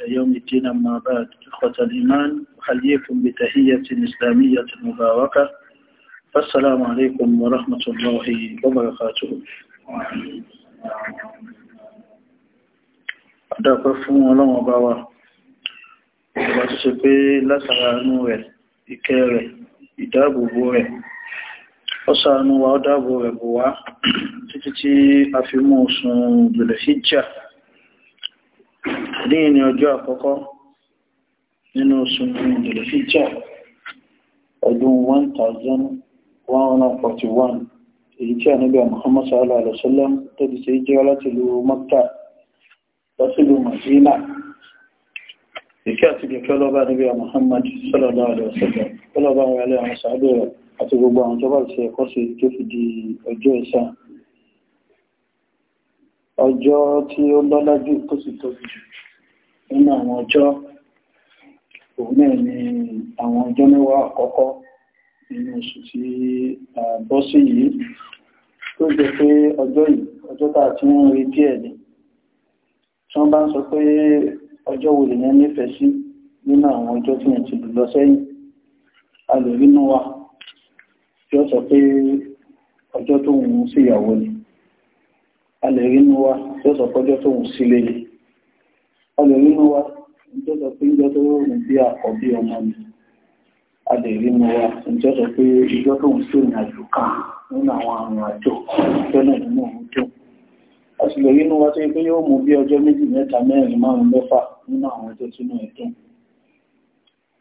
إلى يوم الدين أما بعد إخوة الإيمان أحييكم بتحية إسلامية مباركة فالسلام عليكم ورحمة الله وبركاته Adápẹ́ fún ọlọ́run ọba wa, ọba tó ṣe pé látara inú rẹ̀, ìkẹ́ rẹ̀, ìdáàbòbò rẹ̀, ó ṣàánú wa ó dáàbò rẹ̀ bò wá títí tí a fi mú oṣù Dhul Hijjah lẹ́yìn ní ọjọ́ àkọ́kọ́ nínú oṣù ìdìlẹ̀fíjà ọdún 1141 èyí tí ànábì Muhammad sallallahu alaihi wasallam tó ti ṣe jẹ́ láti lu Mọ́kà lọ́sílù Mọ̀sílá ìkí àti kẹ̀kẹ́ lọ́bá níbi Muhammad sallallahu alaihi wasallam ọlọ́bá wà lẹ́ àwọn sàádọ́ àti gbogbo àwọn tó bá ti ẹ̀kọ́ sí tó ọjọ́ tí ó lọ́lá jù sì tóbi jù nínú àwọn ọjọ́ òun náà ni àwọn ọjọ́ mẹ́wàá àkọ́kọ́ nínú oṣù tí a bọ́ sí yìí tó jẹ pé ọjọ́ yìí ọjọ́ tá a ti ń retí ni tí wọ́n bá ń sọ pé ọjọ́ wo lèyàn nífẹ̀ẹ́ sí nínú àwọn ọjọ́ tí wọ́n ti lù lọ sẹ́yìn a lè rí náà wà tí ó sọ pé ọjọ́ tó ń sí ìyàwó ni a lè rí náà wà tí ó sọ pé ọjọ́ tó ń sílé ni adẹ̀rínú wa ìjọ́sọ pé ìjọ́ tó bí àkọ́bí ọmọ mi adẹ̀rínú wa ìjọ́sọ pé ìjọ́ tó ń sí nínú àwọn àrùn àjò tọ́nà nínú òun tó àṣìlẹ̀ rínú wa tó yẹ pé yóò mú bí ọjọ́ méjì mẹ́ta mẹ́rin márùn mẹ́fà nínú àwọn ọjọ́ sínú ẹ̀dùn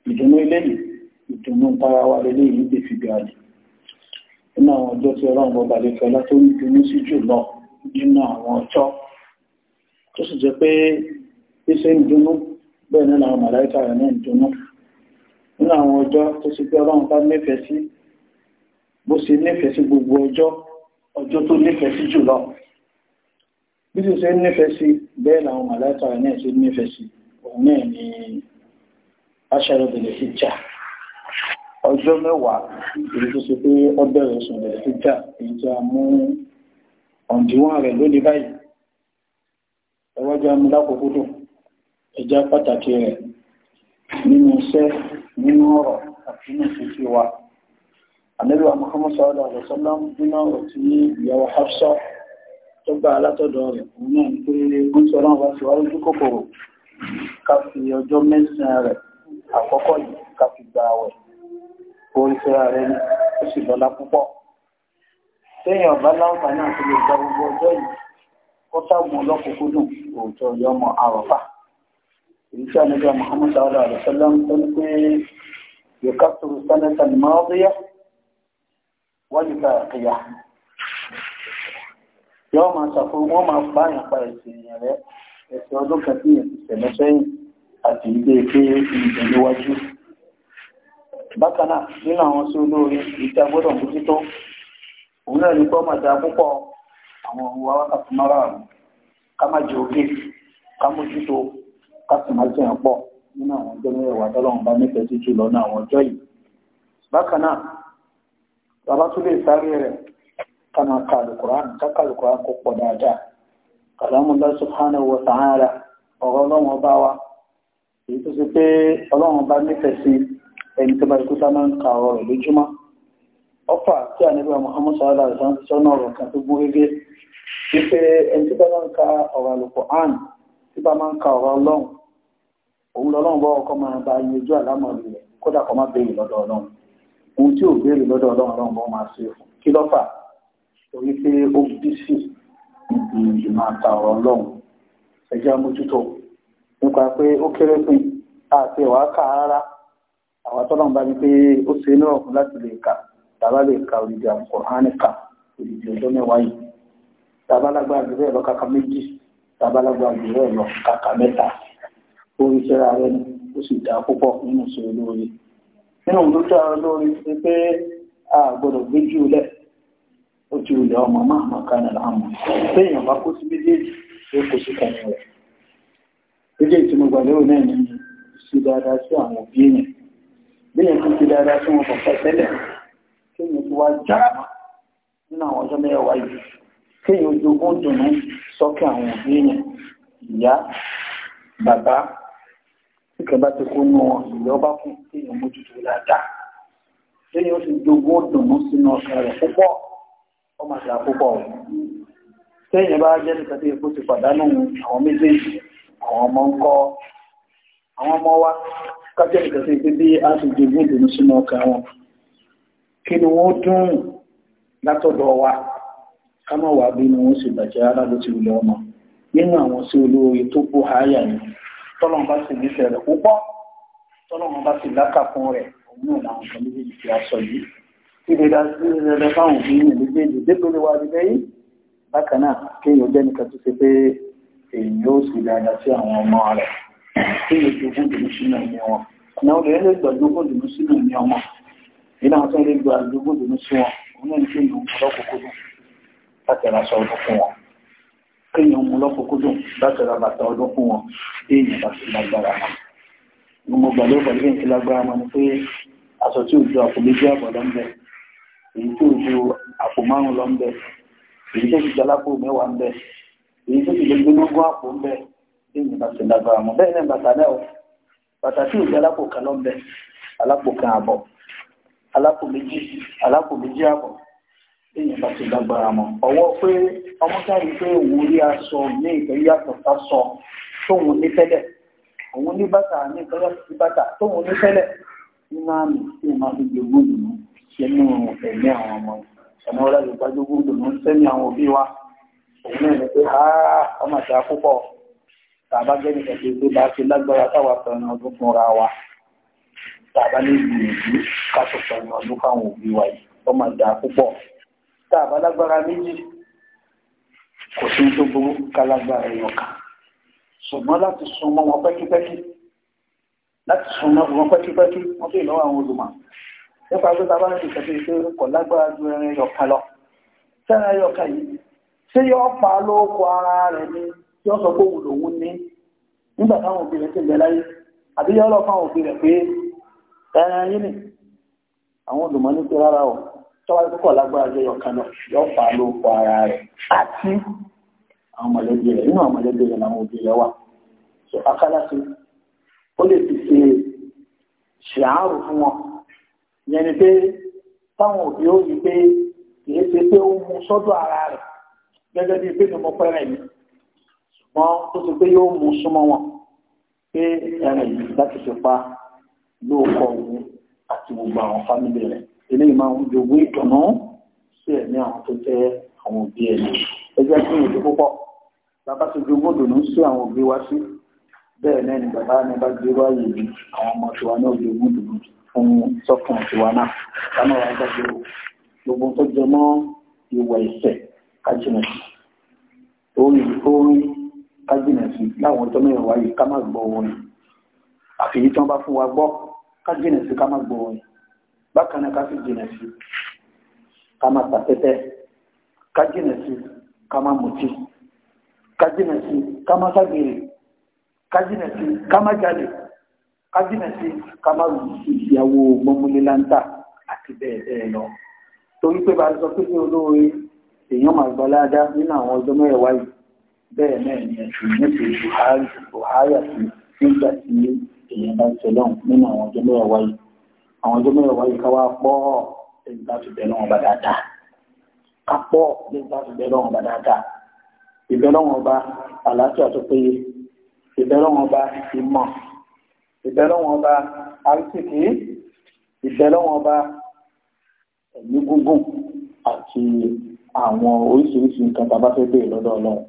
ìdùnnú ilé yìí ìdùnnú tara wa tí ọlọ́run lè fẹ́ sí jù lọ nínú àwọn ọjọ́ tó sì jẹ́ pé bí ṣe ń dunú bẹ́ẹ̀ ní àwọn màláìkà rẹ̀ náà ń dunú nínú àwọn ọjọ́ tó ṣe pé ọlọ́run bá nífẹ̀ẹ́ sí bó ṣe nífẹ̀ẹ́ sí gbogbo ọjọ́ ọjọ́ tó nífẹ̀ẹ́ sí jùlọ bí sì ṣe nífẹ̀ẹ́ sí bẹ́ẹ̀ làwọn màláìkà rẹ̀ náà ṣe nífẹ̀ẹ́ sí òun náà ni aṣáájú bẹ̀rẹ̀ sí jà ọjọ́ mẹ́wàá èyí tó ṣe pé ó bẹ̀rẹ̀ sùn bẹ̀rẹ̀ sí jà èyí tí a mú ọ̀dìwọ̀n rẹ̀ lónìí báyìí ẹwọ́jọ́ amúlákòókò dùn ẹja pàtàkì rẹ̀ nínú iṣẹ́ nínú ọ̀rọ̀ àti nínú fífi wa àlẹ́lú àmọ́kọ́mọ́ sọ́ọ́dọ̀ àlọ́sọ́lọ́m nínú ọ̀rọ̀ tí ìyàwó Hafsa tó gba alátọ̀dọ̀ rẹ̀ òun náà ń péré bó ti ọlọ́run bá ti wá lójú kòkòrò ká fi ọjọ́ mẹ́sàn-án rẹ̀ àkọ́kọ́ yìí ká fi gba àwẹ̀ orí fẹ́ra rẹ̀ ní ó sì lọ́lá púpọ̀ téèyàn ọ̀bá láǹfààní àti lè gba gbogbo ọjọ́ yìí ó ságun ọlọ́kùnkúndùn òòjọ́ yọmọ àrọ̀fà insha Allah Muhammad sallallahu alaihi wasallam tó ní pé yòókàtò sẹ́nẹ́tà ni máa bíyà wọ́n yóò ká kíyà yóò máa ṣàfihàn wọ́n máa bá yàn pa ẹ̀sìn èèyàn rẹ ẹ̀sìn ọdún kan tí yẹn ti tẹ̀lé sẹ́yìn àti ilé pé ìgbẹ̀lẹ́wájú bákan náà nínú àwọn sí olóore ìta gbọ́dọ̀ mójútó òun náà ní pé ọmọ ìdá púpọ̀ àwọn òwú wákàtí márùn-ún ká má jẹ òkè ká mójútó kásìmájì hàn pọ̀ nínú àwọn ọjọ́ mẹ́wàá tọ́lọ́run bá nífẹ̀ẹ́ sí jùlọ ní àwọn yìí bákan náà bàbá tún lè sáré ká ka alukuran ká ka alukuran kó pọ̀ dáadáa kalamullah subhanahu wa ta'ala wa èyí tó ṣe pé ọlọ́run ọba nífẹ̀ẹ́ sí ẹni tó bá ikú sá máa ń ka ọfà tí a nígbà Muhammad sallallahu alaihi wasallam sọ́nà ọ̀rọ̀ kan tó gún régé wípé ẹni tó bá máa tí bá máa ń ka ọ̀rọ̀ ọlọ́run òun lọ́lọ́run bọ́ ọkọ máa bá iye ojú àlámọ̀ rẹ̀ kódà kọ́ má béèrè lọ́dọ̀ ọlọ́run ohun tí ò béèrè lọ́dọ̀ ọlọ́run ọlọ́run bọ́ máa ṣe fún kí ló fà torí pé ó bí sí ibi ìmọ̀ àta ọ̀rọ̀ ọlọ́run ẹjẹ́ amójútó nípa pé ó kéré pin àti ẹ̀wà kà rárá àwọn tọ́lọ́run bá ní pé ó ṣe ní ọ̀kun láti lè kà tàbá lè ka òdìdí àkùránì kà òdìdí ọjọ́ mẹ́wàá yìí tàbá lágbára jù bẹ́ẹ̀ lọ́kàkà méjì tabalagba jùlọ lọ kàkà mẹ́ta orí sẹ́ra rẹ̀ ó sì dá púpọ̀ nínú sí olóore nínú tó tẹ́ ọ lórí pé a gbọ́dọ̀ gbé jù lẹ̀ ó ti wùlẹ̀ ọmọ máa mọ̀ kánà láàmú téèyàn bá kó sí méjèèjì tó kó sí kánà rẹ̀ méjèèjì tí mo gbà lérò náà ni sí dáadáa sí àwọn òbí èèyàn béèyàn tó ti dáadáa sí wọn kọ̀ọ̀kan tẹ́lẹ̀ kéèyàn tó wá já nínú àwọn ọjọ́ mẹ́wàá yìí kéèyàn ojogún dùnú sọ́kẹ́ àwọn òbí yẹn ìyá bàbá kíkẹ́ bá ti kó nú wọn ìyá ọba kù kéèyàn mójútó dáadáa kéèyàn ti jogún dùnú sínú ọkàn rẹ̀ púpọ̀ ọmọ àti àpúpọ̀ rẹ̀ kéèyàn bá jẹ́ nìkan tí epo ti pàdánù àwọn méjèèjì àwọn ọmọ ń kọ́ àwọn ọmọ wa kájẹ́ nìkan tí epo bí a ti jogún dùnú sínú ọkàn wọn kí ni wọ́n dùn látọ̀dọ̀ wa kama wà bí ni wọ́n sì bàjẹ́ alábò ti wùlẹ̀ ọmọ nínú àwọn sí olóore tó bó háyà ni tọ́lọ́n bá sì nífẹ̀ẹ́ rẹ̀ púpọ̀ tọ́lọ́n bá sì lákàkún rẹ̀ òun náà làwọn kan méjèèjì fi aṣọ yìí kíni dá sí rẹ̀ fáwọn òbí ní méjèèjì dépò lè wà nílẹ̀ yìí bákan náà kéèyàn jẹ́ nìkan tó ṣe pé èyí ó sì dáadáa sí àwọn ọmọ rẹ̀ kéèyàn jogún dùnú sínú ẹ̀mí wọn náà lè lè gbà jogún dùnú sínú ẹ̀mí ọmọ ìlànà tó lè gbà jogún dùnú sí wọn òun náà ní kéèyàn ọlọ́kòkòrò láti ra aṣọ ọdún fún wọn kéèyàn mú lọ́kùnkúndùn láti ra bàtà ọdún fún wọn bí èèyàn bá sì lágbára wọn gbogbo gbàlẹ́ pẹ̀lú bí n ti lágbára wọn ni pé aṣọ tí òjò àpò méjì àbọ̀ lọ ń bẹ èyí tí òjò àpò márùn lọ ń bẹ èyí tó ti jẹ alápò mẹ́wàá ń bẹ èyí tó ti jẹ àpò ń bẹ bí bá sì lágbára wọn bẹ́ẹ̀ náà bàtà náà bàtà tí òjò alápò kan lọ ń bẹ alápò kan àbọ̀ alápò méjì alápò méjì àbọ̀ èèyàn bá ti lágbára mọ́ ọwọ́ pé ọmọ sáré pé òun rí aṣọ ní ìfẹ́ yàtọ̀ sásọ tóun ní tẹ́lẹ̀ òun ní bàtà ní ìfẹ́lẹ̀ sí bàtà tóun ní tẹ́lẹ̀ ní máa mi sí máa fi gbé gbódù mú sínú ẹ̀mí àwọn ọmọ ọmọ ọlá lè gbájú gbódù mú sẹ́mi àwọn òbí wa òun náà ní pé ha ọmọ àti àkópọ̀ tàbá jẹ́ni kẹ̀kẹ́ pé bá a ti lágbára táwa sọ̀rọ̀ ọdún fúnra wa tàbá ní ìgbìyànjú ká tó sọ̀rọ̀ ọdún fáwọn òbí wa yìí ọmọ àti àkópọ̀ tá a bá lágbára méjì kò sí tó burú ká lágbára èèyàn kan ṣùgbọ́n láti sun mọ́ wọn pẹ́kípẹ́kí láti sun mọ́ wọn pẹ́kípẹ́kí wọ́n sì lọ́wọ́ àwọn olùmọ̀ nípa pé bàbá rẹ̀ ìṣẹ̀tò ìṣe kọ̀ lágbára ju ẹran ẹyọ kan lọ sẹ́ran ẹyọ kan yìí ṣé yọ pa lóko ara rẹ̀ ni tí wọ́n sọ pé òun lòun ní nígbà táwọn òbí rẹ̀ ti bẹ̀ láyé àbí yọ lọ fáwọn òbí rẹ̀ pé ẹran yìí ni àwọn olùmọ̀ ní pé rárá o tọ́wọ́ púpọ̀ lágbára jẹ́ ọ̀kan náà fà á ló pọ̀ ara rẹ̀ àti àwọn mọ̀lẹ́bí rẹ̀ nínú àwọn mọ̀lẹ́bí rẹ̀ làwọn òbí rẹ̀ wà so akálàsí ó lè ti ṣe ṣàárò fún wọn yẹn ni pé táwọn òbí ó rí pé kìí ṣe pé ó mú sọ́dọ̀ ara rẹ̀ gẹ́gẹ́ bíi pé ní mo pẹ́rẹ̀ mi ṣùgbọ́n ó ti pé yóò mú súnmọ́ wọn pé ẹ̀rẹ̀ yìí láti fi pa lóòkọ̀ òun àti gbogbo àwọn fámìlì rẹ̀ ilé ìmọ̀ àwọn jogún ìdùnnú sí ẹ̀mí àwọn tó jẹ́ àwọn òbí ẹni ẹgbẹ́ tí ìrètí púpọ̀ bàbá ti jogún ìdùnnú sí àwọn òbí wa sí bẹ́ẹ̀ náà ni bàbá mi bá gbé wáyé yìí àwọn ọmọ tiwa náà jogún ìdùnnú fún sọ́kùn tiwa náà kánú wa gbàgbé o gbogbo tó jẹ mọ́ ìwà ìṣẹ̀ kájìnà sí orin orin kájìnà sí láwọn ọjọ́ mẹ́rin wáyé ká má gbọ́ orin àfi yìí tí wọ́n bá fún wa gbọ́ kájìnà ká má gbọ́ orin bákan náà ká fi jìnà sí ká máa tàtẹ́tẹ́ ká jìnà sí ká máa mutí ká jìnà sí ká máa ságbèrè ká jìnà sí ká máa jalè ká jìnà sí ká máa rù ìyàwó gbọmúlélántà àti bẹ́ẹ̀ bẹ́ẹ̀ lọ torí pé bá a sọ pé ní olóore èèyàn máa gba ládá nínú àwọn ọjọ́ mẹ́wàá yìí bẹ́ẹ̀ náà ni ẹ̀sìn nípa buhari buhari àti nígbà tí èèyàn bá ń sọ nínú àwọn ọjọ́ mẹ́wàá yìí àwọn ọjọ́ mẹ́rin wáyé ká wá pọ̀ ẹni bá ti bẹ̀rẹ̀ wọn bá dáadáa ká pọ̀ ẹni bá ti bẹ̀rẹ̀ wọn bá dáadáa ìbẹ̀rẹ̀ wọn bá àlàáfíà tó péye ìbẹ̀rẹ̀ wọn bá ìmọ̀ ìbẹ̀rẹ̀ wọn bá àrísìkì ìbẹ̀rẹ̀ wọn bá ẹ̀mí gúngùn àti àwọn oríṣiríṣi nǹkan tá a bá fẹ́ bèèrè lọ́dọ̀ ọlọ́run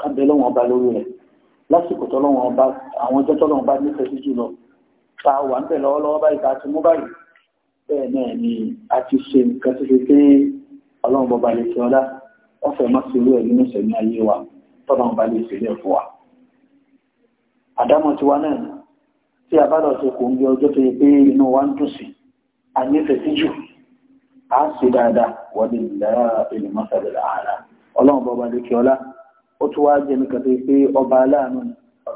ká bẹ̀rẹ̀ wọn bá lórí rẹ̀ lásìkò tọ́lọ́wọ́n bá àwọn ọjọ́ tọ́lọ́wọ́n bá nífẹ̀ẹ́ sí jùlọ ta wà ń bẹ̀ lọ́wọ́lọ́wọ́ báyìí ta ti mú báyìí bẹ́ẹ̀ náà ni a ti ṣe nǹkan tó ṣe pé ọlọ́run bọba lè ṣe ọlá wọ́n fẹ́ má sí irú ẹ̀ nínú ìṣẹ̀mí ayé wa tọ́lọ́run bá lè ṣe lẹ̀ fún wa. àdámọ̀ tiwa náà tí a bá lọ ṣe kò ń gbé ọjọ́ tó yẹ pé inú wa ń dùn sí a nífẹ̀ẹ́ sí jù a ṣe dáadáa wọ́n lè lára èlò mọ́sàlẹ̀ ààrà ọlọ́run bọba lè ṣe ọlá ó tún wá jẹ́ nìkan tó yẹ pé ọba aláàánú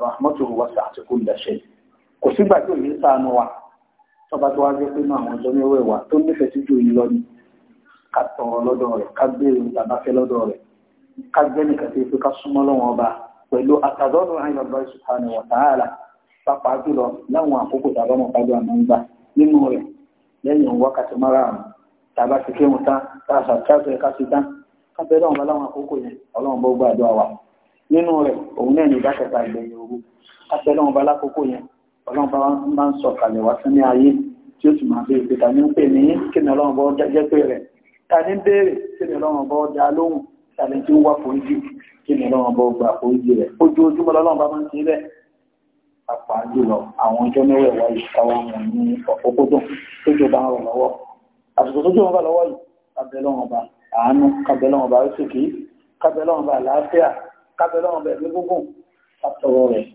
rahmatu wasa àti kúndàṣẹ́ kò sígbà tí òní sáànù wa tọba tó wá gbé pé máa àwọn ọjọ́ mẹ́wẹ̀ wa tó nífẹ̀ẹ́ sí ju yìí lọ ni ká tọrọ lọ́dọ̀ rẹ̀ ká gbèrò tàbá fẹ́ lọ́dọ̀ rẹ̀ ká gbé nìkan sí pé ká súnmọ́ lọ́wọ́n ọba pẹ̀lú àtàdọ́nù àyìnbá subhanahu wa ta'ala pàápàá jùlọ láwọn àkókò tàbá mọ̀ pàdé àmọ́ ń gbà nínú rẹ̀ lẹ́yìn wákàtí márààrún tàbá ti ọlọ́run bá lákòókò yẹn ọlọ́run bá bá ń sọ kalẹ̀ wá sí ní ayé tí ó sì máa bèèrè pé ta ní ń pè ní kí ni ọlọ́run bọ́ jẹ́ pé rẹ̀ ta ní ń béèrè kí ni ọlọ́run bọ́ dá lóhùn ta ní tí ń wá foríjì kí ni ọlọ́run bọ́ gbà foríjì rẹ̀ ojoojúmọ́ ọlọ́run bá máa ń ṣe bẹ́ẹ̀ pàpà jùlọ àwọn ọjọ́ mẹ́wẹ̀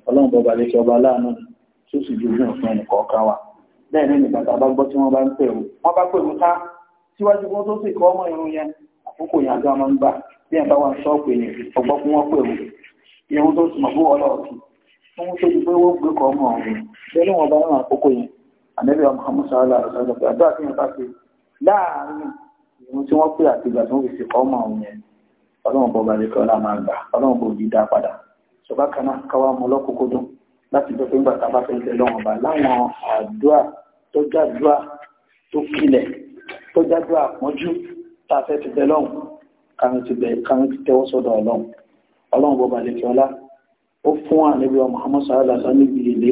yìí tó sì ju ojú ọ̀sán ẹnì kọ̀ọ̀kan wa bẹ́ẹ̀ ní nìkan tá a bá gbọ́ tí wọ́n bá ń pè wọ́n wọ́n bá pè wọ́n ká síwájú kí wọ́n tó sì kọ́ ọmọ irun yẹn àkókò yẹn àgbà máa ń gbà bí ẹ̀ bá wà ṣọ́ọ̀pù yẹn ọgbọ́n kí wọ́n pè wọ́n irun tó sì mọ̀ bó wọ́n lọ́ọ̀kì fún tó di pé wọ́n gbé kọ́ ọmọ ọ̀hún bẹ́ẹ̀ ni wọ́n bá rán àkókò yẹn ànẹ́bí ọmọ hamusa aláàrọ̀ àdúrà tí wọ́n bá ṣe láàárín irun tí wọ́n pè àti ìgbà tí wọ́n fi ṣe kọ́ ọmọ ọ̀hún yẹn ọlọ́run bọ̀ balẹ̀ kí ọlá máa gbà ọlọ́run bọ̀ òdì dá padà ṣùgbọ́n kaná káwá mọ́ lọ́kòókò dùn láti jọ pé ńgbà tá a bá fẹ́ tẹ lọ́wọ́n ọba láwọn àdúrà tọ́jàdúrà tó kilẹ̀ tọ́jàdúrà pọ́njú tá a fẹ́ ti tẹ lọ́wọ́n kàrin ti bẹ̀ kàrin ti tẹ́wọ́ sọ́dọ̀ ọlọ́run ọlọ́run bọba lẹ́kẹ́ ọlá ó fún àlẹ́bí ọmọ Muhammad sallallahu alaihi wasallam níbi ilé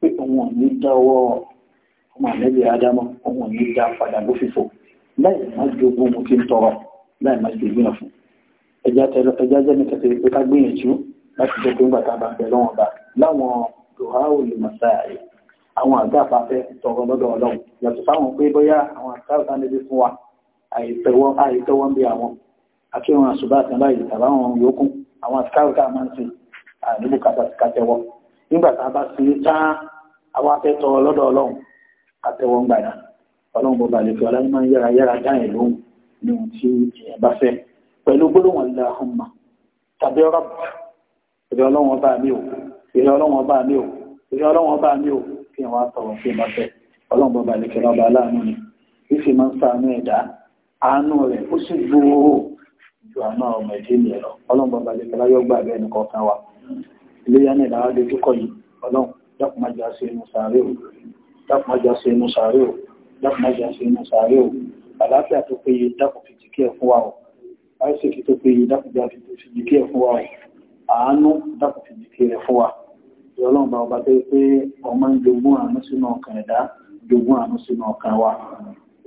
pé òun ò ní dáwọ́ ọmọ àlẹ́bí Ádámọ̀ òun ò ní dá padà ló fìfò láì má jogún mo ti ń tọrọ láì má jogún náà ẹjá jẹ́ mi kẹsìrì pé ká gbìyànjú láti jẹ́ pé ń gbà tá a bá bẹ̀ lọ́wọ́n báyìí láwọn dùháwò lè mọ̀sá rẹ̀ àwọn àgbà afáfẹ́ tọrọ lọ́dọ̀ ọlọ́run yàtọ̀ sáwọn pé bóyá àwọn àgbà afáfẹ́ fún wa àìtẹ́wọ́ ń bí àwọn akíwọn àṣùbá àtàlá ìtàbá àwọn yòókù àwọn àtikáwòká máa ń ṣe àdúgbò kàtàkàtẹwọ nígbà tá a bá ṣe tán àwọn afẹ́tọ̀ lọ́dọ̀ ọlọ́run kàtẹwọ ń gbàdá ọlọ́run bọba àlejò aláyé máa ń yára yára dáhìn lóhùn ní ohun tí èèyàn bá fẹ́ pẹ̀lú gbólóhùn Allahumma tàbí ọlọ́run ọba mi ò ìrẹ ọlọ́wọ́n bá mi ò ìrẹ ọlọ́wọ́n bá mi ò kí n wá sọ̀rọ̀ sí ìbáfẹ́ ọlọ́wọ́n bọ́ba ní kẹrọ ọba aláàánú ni bí sì máa ń ṣàánú ẹ̀dá àánú rẹ̀ ó sì gbòòrò ju àánú ọmọ ẹ̀dí mi lọ ọlọ́wọ́n bọ́ba ní kẹrọ yọgbà bẹ́ẹ̀ ní kọ̀ọ̀kan wa iléyà ní ìdáwà dojúkọ yìí ọlọ́run dákùnmájà sí inú sàárè ò sí inú sàárè ò dákùnmájà sí inú sàárè ò àlàáfíà tó péye dákùn fi jìkẹ́ fún wa ò àìsèkì tó péye dákùnjà fi jìkẹ́ fún wa ò ọlọ́run bá ọba tó yẹ pé ọmọ ń jogún àánú sínú ọkàn ẹ̀dá jogún àánú sínú ọkàn wa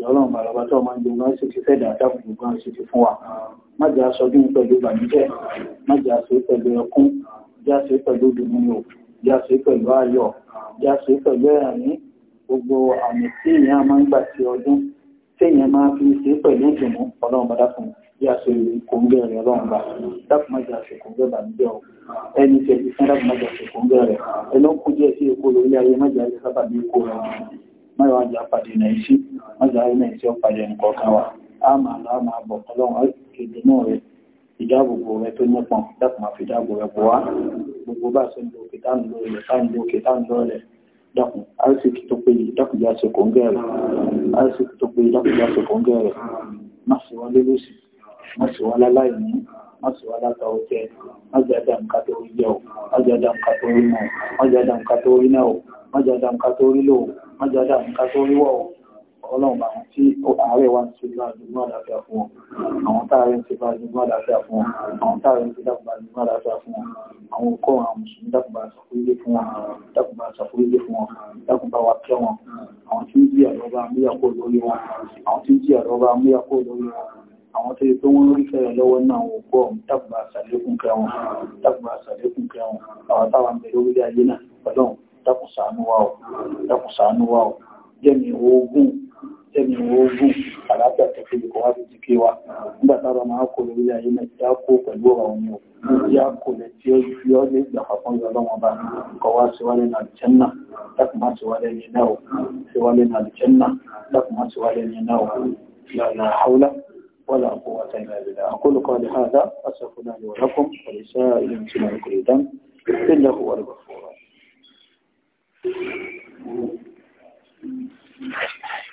ọlọ́run bá ọba tó ọmọ ń jogún àánú sí ti fẹ́ dáadáa fún jogún àánú sí ti fún wa má jẹ́ aṣọ bí pẹ̀lú ìbànújẹ́ má jẹ́ aṣọ pẹ̀lú ẹkún jẹ́ aṣọ pẹ̀lú ìdùnnú jẹ́ aṣọ pẹ̀lú ayọ̀ jẹ́ aṣọ pẹ̀lú ẹ̀rín gbogbo àmì tí èèyàn máa ń gbà sí ọdún tí èèyàn máa fi ṣe pẹ̀lú ìdùnnú ọlọ́run bá dákun aṣọ kòńgẹ́ rẹ̀ ọlọ́run bá má jẹ́ aṣọ kòńgẹ́ ìbànújẹ́ ọ̀hún ẹni tẹ̀sí sára mọ́jà ṣẹ̀kọ́ ń bẹ̀rẹ̀ ẹlọ́ kó jẹ́ sí èkó lórí ayé mọ́jà ayé sábà bí èkó rẹ̀ mọ́jà ajá pàdé náà iṣẹ́ mọ́jà ayé náà iṣẹ́ pàdé nǹkan kan wà á máa lọ á máa bọ̀ ọlọ́run èdè náà rẹ̀ ìdáàbòbò rẹ̀ tó nípọn dákùn máa fi dáàbò rẹ̀ bọ̀ wá gbogbo bá ṣe ń lo òkè táà ń lo ilẹ̀ táà ń lo òkè táà ń lo ilẹ̀ dákùn àrísìkì tó péye masu wala ta wuce majadan ka tó rí yẹ o majadan ka tó rí mọ majadan ka tó rí náà o majadan ka tó rí lò o majadan ka tó rí wọ o ọlọ́run bá wọn tí ààrẹ wa ń ṣe bá àdúgbò àdáfíà fún wọn àwọn táàrẹ ń ṣe bá àdúgbò àdáfíà fún wọn àwọn táàrẹ ń ṣe dàgbà àdúgbò fún wọn àwọn òkú àwọn mùsùlùmí dàgbà àṣàkóyé fún wọn dàgbà àṣàkóyé fún wọn dàgbà wa kẹ́ àwọn tí ń jí àlọ́ba amúyàkó lórí wọn àwọn tí ń jí àlọ́ba amúyàkó lórí wọn àwọn tó yẹ pé wọ́n rí fẹ́rẹ̀ lọ́wọ́ náà wọ́n gbọ́ dàgbà àṣàlékún kẹwọn dàgbà àṣàlékún kẹwọn àwọn táwọn ń bẹ lórí ayé náà pẹ̀lú dákun ṣàánú wa o dákun ṣàánú wa o jẹ́mi ogun jẹ́mi ogun àlàáfíà tó fi kọ́ wá sí ti kí wa nígbà táwọn máa kó lórí ayé náà ti á kó pẹ̀lú ọ̀rọ̀ òun o ti á kó lẹ tí ó fi ọ́ lé ìgbà kan fún ọlọ́wọ́n bá kọ́ wá síwálé náà lùjẹ́ náà dákun má síwálé yẹn náà o síwálé náà lùjẹ́ náà dákun má síwálé ولا قوة إلا بالله أقول قولي هذا أسفنا لي ولكم ولسائر المسلمين كل إلا هو الغفور Thank you.